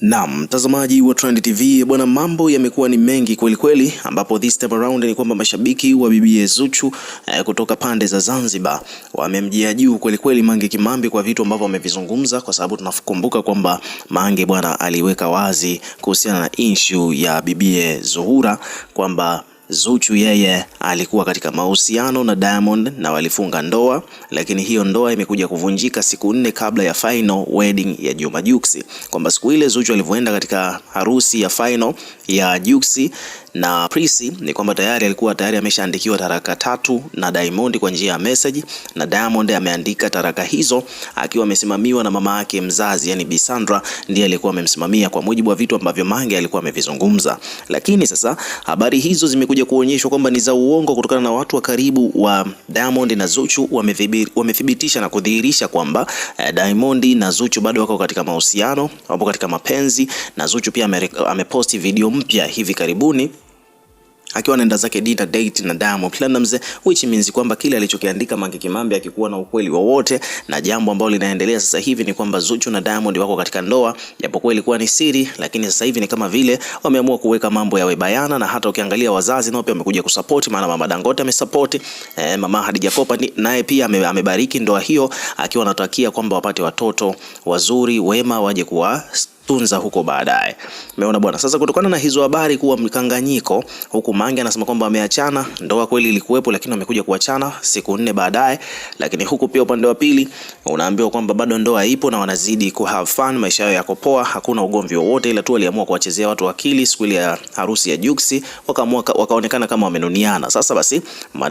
Naam, mtazamaji wa Trend TV bwana, mambo yamekuwa ni mengi kweli kweli, ambapo this time around ni kwamba mashabiki wa bibi Zuchu eh, kutoka pande za Zanzibar wamemjia juu kweli kweli Mange Kimambi kwa vitu ambavyo wamevizungumza kwa sababu tunakumbuka kwamba Mange bwana aliweka wazi kuhusiana na issue ya bibi Zuhura kwamba Zuchu yeye alikuwa katika mahusiano na Diamond na walifunga ndoa, lakini hiyo ndoa imekuja kuvunjika siku nne kabla ya final wedding ya Juma Jux, kwamba siku ile Zuchu alivyoenda katika harusi ya final ya Jux na Prisi ni kwamba tayari alikuwa tayari ameshaandikiwa taraka tatu na Diamond kwa njia ya message, na Diamond ameandika taraka hizo akiwa amesimamiwa na mama yake mzazi, yani Bi Sandra ndiye alikuwa amemsimamia, kwa mujibu wa vitu ambavyo Mange alikuwa amevizungumza. Lakini sasa habari hizo zimekuja zimekuja kuonyeshwa kwamba ni za uongo kutokana na watu wa karibu wa Diamond na Zuchu wamethibitisha na kudhihirisha kwamba eh, Diamond na Zuchu bado wako katika mahusiano, wapo katika mapenzi na Zuchu pia ameposti video mpya hivi karibuni akiwa anaenda zake dinner date na Diamond Platnumz, which means kwamba kile alichokiandika Mange Kimambi akikuwa na ukweli wowote, na jambo ambalo linaendelea sasa hivi ni kwamba Zuchu na Diamond wako katika ndoa, japokuwa ilikuwa ni siri, lakini sasa hivi ni kama vile wameamua kuweka mambo yawe bayana, na hata ukiangalia wazazi nao pia wamekuja kusupport, maana mama Dangote amesupport eh, mama Hadija Kopa naye pia amebariki ndoa hiyo, akiwa anatakia kwamba wapate watoto wazuri wema waje kuwa tunza huko baadaye. Umeona bwana. Sasa kutokana na hizo habari kuwa mkanganyiko, huku Mange anasema kwamba ameachana, ndoa kweli ilikuwepo, lakini wamekuja kuachana siku nne baadaye, lakini huku pia upande wa pili unaambiwa kwamba bado ndoa ipo na wanazidi ku have fun, maisha yao yako poa, hakuna ugomvi wowote, ila tu aliamua kuwachezea watu akili siku ile ya harusi ya Juksi, wakaamua wakaonekana kama wamenuniana. Sasa basi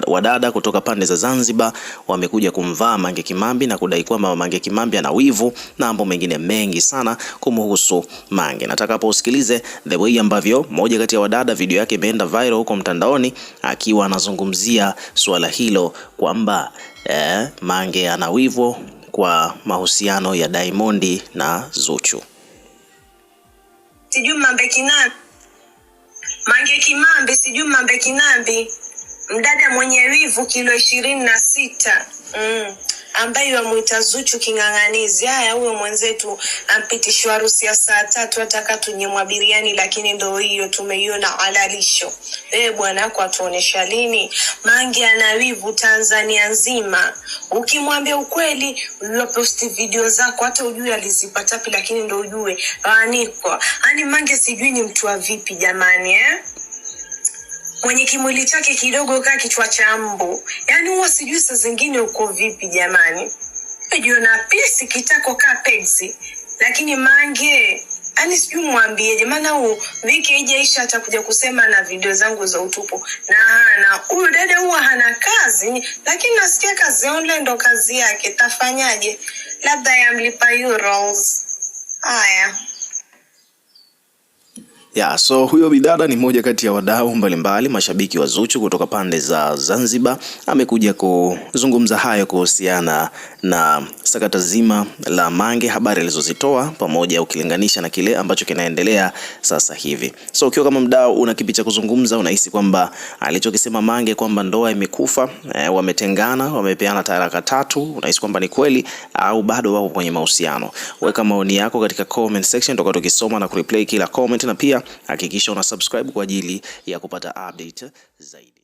wadada kutoka pande za Zanzibar wamekuja kumvaa Mange Kimambi na kudai kwamba Mange Kimambi ana wivu na mambo mengine mengi sana kumhusu kuhusu Mange. Nataka hapo usikilize the way ambavyo moja kati ya wadada video yake imeenda viral huko mtandaoni akiwa anazungumzia suala hilo kwamba eh, Mange ana wivu kwa mahusiano ya Diamond na Zuchu. Sijui Mambe Kinambi. Mange Kimambi sijui Mambe Kinambi mdada mwenye wivu kilo ishirini na sita. Mm ambaye yamwita Zuchu king'ang'anizi. Haya, huyo mwenzetu ampitishwa harusi ya saa tatu, ataka tunyemwa biriani, lakini ndo hiyo tumeiona alalisho E bwana, kwa tuonesha lini? Mange anawivu Tanzania nzima, ukimwambia ukweli, uliposti video zako hata ujue alizipatapi, lakini ndo ujue anikwa. Ani Mange sijui ni mtu wa vipi jamani, eh? mwenye kimwili chake kidogo kaa kichwa cha mbu. Yaani huwa sijui saa zingine uko vipi jamani, jiona pesi kitako kaa pesi, lakini mange yani sijui mwambieje, maana huu wiki haijaisha atakuja kusema na video zangu za utupu na hana huyu dada huwa hana kazi, lakini nasikia kazi online ndo kazi yake. Tafanyaje? Labda yamlipa euros. Haya. Ya, so huyo bidada ni mmoja kati ya wadau mbalimbali mashabiki wa Zuchu kutoka pande za Zanzibar, amekuja kuzungumza hayo kuhusiana na sakata zima la Mange, habari alizozitoa pamoja, ukilinganisha na kile ambacho kinaendelea sasa hivi. So ukiwa kama mdau una kipi cha kuzungumza, unahisi kwamba alichokisema Mange kwamba ndoa imekufa, e, wametengana, wamepeana talaka tatu, unahisi kwamba ni kweli au bado wapo kwenye mahusiano? Weka maoni yako katika comment section, toka tukisoma na kureplay kila comment na pia hakikisha una subscribe kwa ajili ya kupata update zaidi.